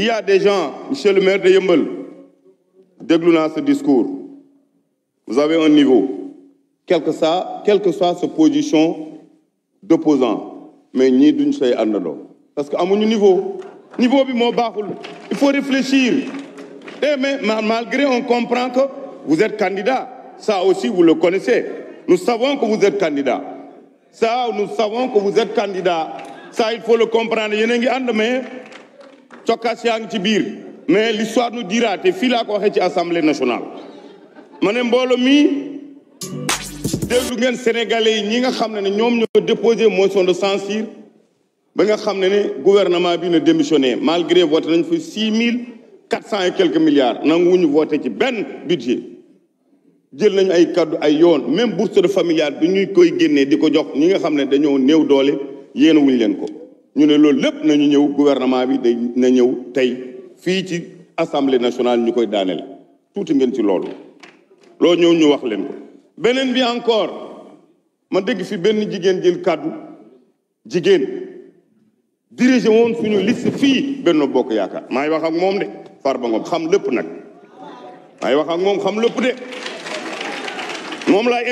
Il y a des gens, monsieur le maire de Yembel, ce discours. Vous avez un niveau. Quel que, quelle que soit ce position d'opposant, mais ni d'une seule Parce qu'à mon niveau, niveau il faut réfléchir. Et eh, mais malgré, on comprend que vous êtes candidat. Ça aussi, vous le connaissez. Nous savons que vous êtes candidat. Ça, nous savons que vous êtes candidat. Ça, il faut le comprendre mais l'histoire nous dira te ko assemblée nationale mané mi sénégalais ñi nga xamné motion de censure ba nga gouvernement bi démissionné malgré votre nañ 6400 et quelques milliards voté ci budget jël nañ ay cadeau ay même bourse de familiale bi ñuy koy génné un jox ñi nga dañoo nous ne loolu gouvernement bi assemblée nationale ñu koy daaneel tuuti ci loolu nous ñëw ñu wax leen encore ma dégg fi benn jigéen jël kàddu jigéen woon suñu liste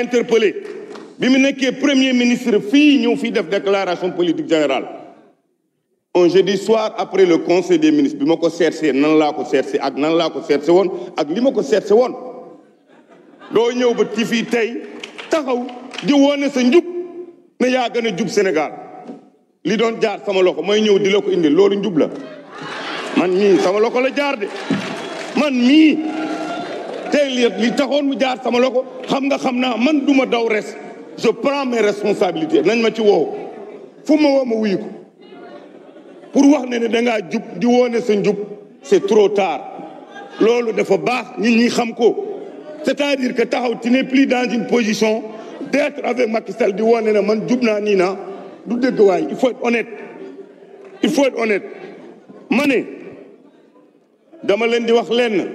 interpellé bi mu premier ministre fii ñëw def déclaration politique générale un jeudi soir après le conseil des ministres bi ma ko seetsee nan la ko seetsee ak nan la ko seetsee won ak li ma ko seetsee woon doo ba tifi tay taxaw di woné sa njub ne ya gëna njub Sénégal li don jaar sama loxo may ñew di lako indi lolu njub la man mi sama loxo la jaar de man mi tay li taxone mu jaar sama loxo xam nga xam man duma daw res je prends mes responsabilités nañ ma ci wo fu ma woo ma pour wax ne ne dangaa jub di woone sa c'est trop tard Lolo dafa baax nit ñi xam ko c'est-à-dire que taxaw tu n'es plus dans une position d'être avec Macky Sall di woone man jub naa du il faut être honnête il faut être honnête Mané. dama leen di wax lenn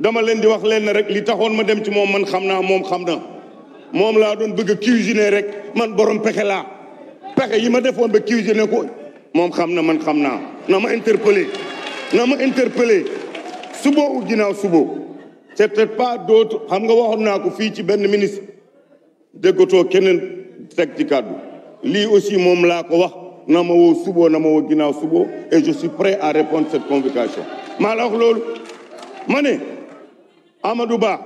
dama leen di wax lenn rek li taxoon ma dem ci man xam naa moom xam na moom bëgg cuisiner rek man borom pexe la. pexe yi ma defoon ba cuisiner ko mom xamna man xamna n'ama interpeller nama interpeller subo ma interpellé ou c'est peut-être pas d'autre xam nga waxoon naa ko fii ci ben ministre degoto kenen tek ci kàddu li aussi mom la ko wax nama wo subo nama wo ginaaw subo et je suis prêt à répondre cette convocation ma la wax loolu mané Amadou Ba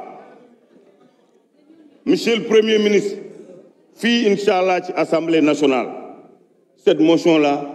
monsieur le premier ministre fi inshallah ci assemblée nationale cette motion là